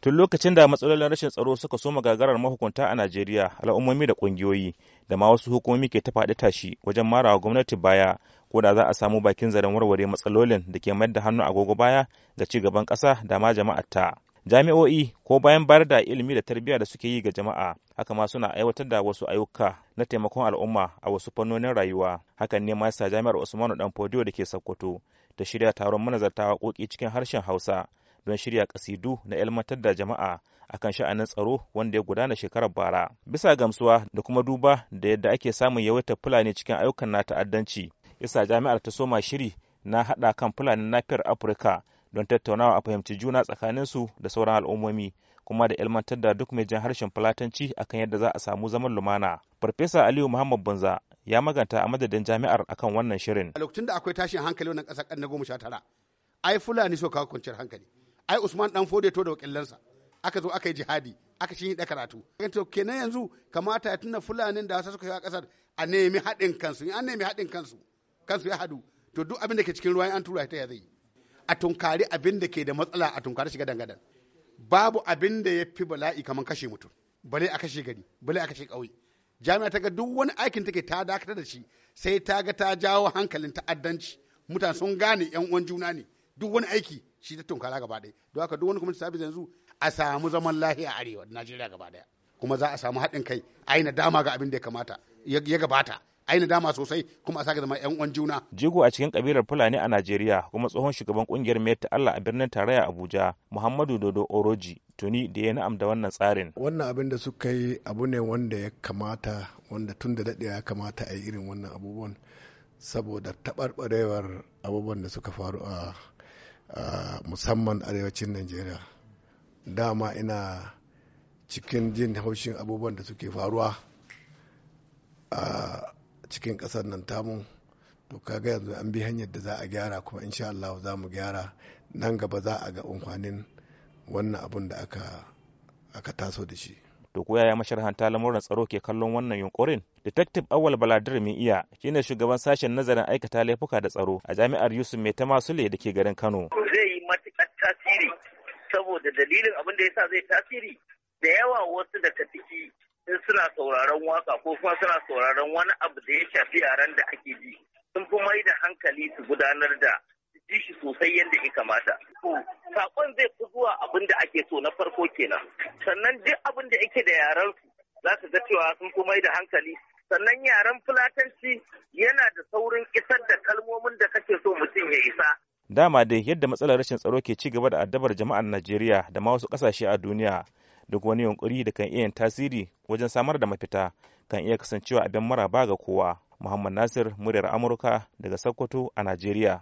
tun lokacin da matsalolin rashin tsaro suka soma gagarar mahukunta a najeriya al'ummomi da kungiyoyi da ma wasu hukumomi ke ta faɗi tashi wajen marawa gwamnati baya ko da za a samu bakin zaren warware matsalolin da ke mayar da hannu agogo baya ga ci gaban ƙasa da ma jama'ar ta jami'o'i ko bayan bayar da ilimi da tarbiyya da suke yi ga jama'a haka ma suna aiwatar da wasu ayyuka na taimakon al'umma a wasu fannonin rayuwa hakan ne ma jami'ar usmanu dan fodiyo da ke sokoto ta shirya taron manazarta waƙoƙi cikin harshen hausa don shirya kasidu na ilmantar da jama'a akan sha'anin tsaro wanda ya gudana shekarar bara bisa gamsuwa da kuma duba da yadda ake samun yawaitar fulani cikin ayyukan na ta'addanci isa jami'ar ta soma shiri na haɗa kan fulanin nafiyar afirka don tattaunawa a fahimci juna tsakanin su da sauran al'ummomi kuma da ilmantar da duk mai jan harshen fulatanci akan yadda za a samu zaman lumana. Farfesa Aliyu Muhammad Banza ya maganta a madadin jami'ar akan wannan shirin. A lokacin da akwai tashin hankali wannan ƙasa ƙarni goma sha tara, ai Fulani so kawo kwanciyar hankali. ai Usman dan fode to da wakillansa aka zo aka yi jihadi aka shi da karatu to kenan yanzu kamata tunda fulanin da suka shiga kasar a nemi haɗin kansu an nemi haɗin kansu kansu ya hadu to duk abin da ke cikin ruwa an tura ta ya zai a tunkari abin da ke da matsala a tunkari shiga dangadan babu abin da ya fi bala'i kamar kashe mutum bale a kashe gari bale a kashe ƙauye jami'a ta ga duk wani aikin take ta dakatar da shi sai ta ga ta jawo hankalin ta'addanci mutane sun gane yan uwan juna ne duk wani aiki shi ta tunkara gaba ɗaya don haka duk wani gwamnati sabis yanzu a samu zaman lahiya a arewa najeriya gaba ɗaya kuma za a samu haɗin kai a yi ga abin da ya kamata ya gabata a yi nadama sosai kuma a sake zama yan uwan juna jigo a cikin kabilar fulani a najeriya kuma tsohon shugaban kungiyar mayar ta allah a birnin tarayya abuja muhammadu dodo oroji tuni da ya na'am da wannan tsarin wannan abin da suka yi abu ne wanda ya kamata wanda tun da daɗewa ya kamata a yi irin wannan abubuwan saboda taɓarɓarewar abubuwan da suka faru a musamman arewacin najeriya dama ina cikin jin haushin abubuwan da suke faruwa a cikin ƙasar nan tamu to kaga yanzu an bi hanyar da za a gyara kuma insha Allah za mu gyara nan gaba za a ga amfanin wannan abun da aka taso da shi to ko yaya masharhan lamuran tsaro ke kallon wannan yunkurin detective awal baladir mai iya shine shugaban sashen nazarin aikata laifuka da tsaro a jami'ar yusuf mai tama sule da ke garin kano zai yi matukar tasiri saboda dalilin abin da yasa zai tasiri da yawa wasu daga ciki in suna sauraron waka ko kuma suna sauraron wani abu da ya shafi yaran da ake ji sun fi mai da hankali su gudanar da ji shi sosai yadda ya kamata. Sakon zai fi zuwa abin da ake so na farko kenan. Sannan duk abin da yake da yaran su za su ga cewa sun kuma da hankali sannan yaren fulatanci yana da saurin isar da kalmomin da kake so mutum ya isa dama dai yadda matsalar rashin tsaro ke ci gaba da addabar jama'ar Najeriya da ma wasu kasashe a duniya duk wani yunkuri da kan iya tasiri wajen samar da mafita kan iya kasancewa abin maraba ga kowa Muhammad Nasir muryar Amurka daga Sokoto a Najeriya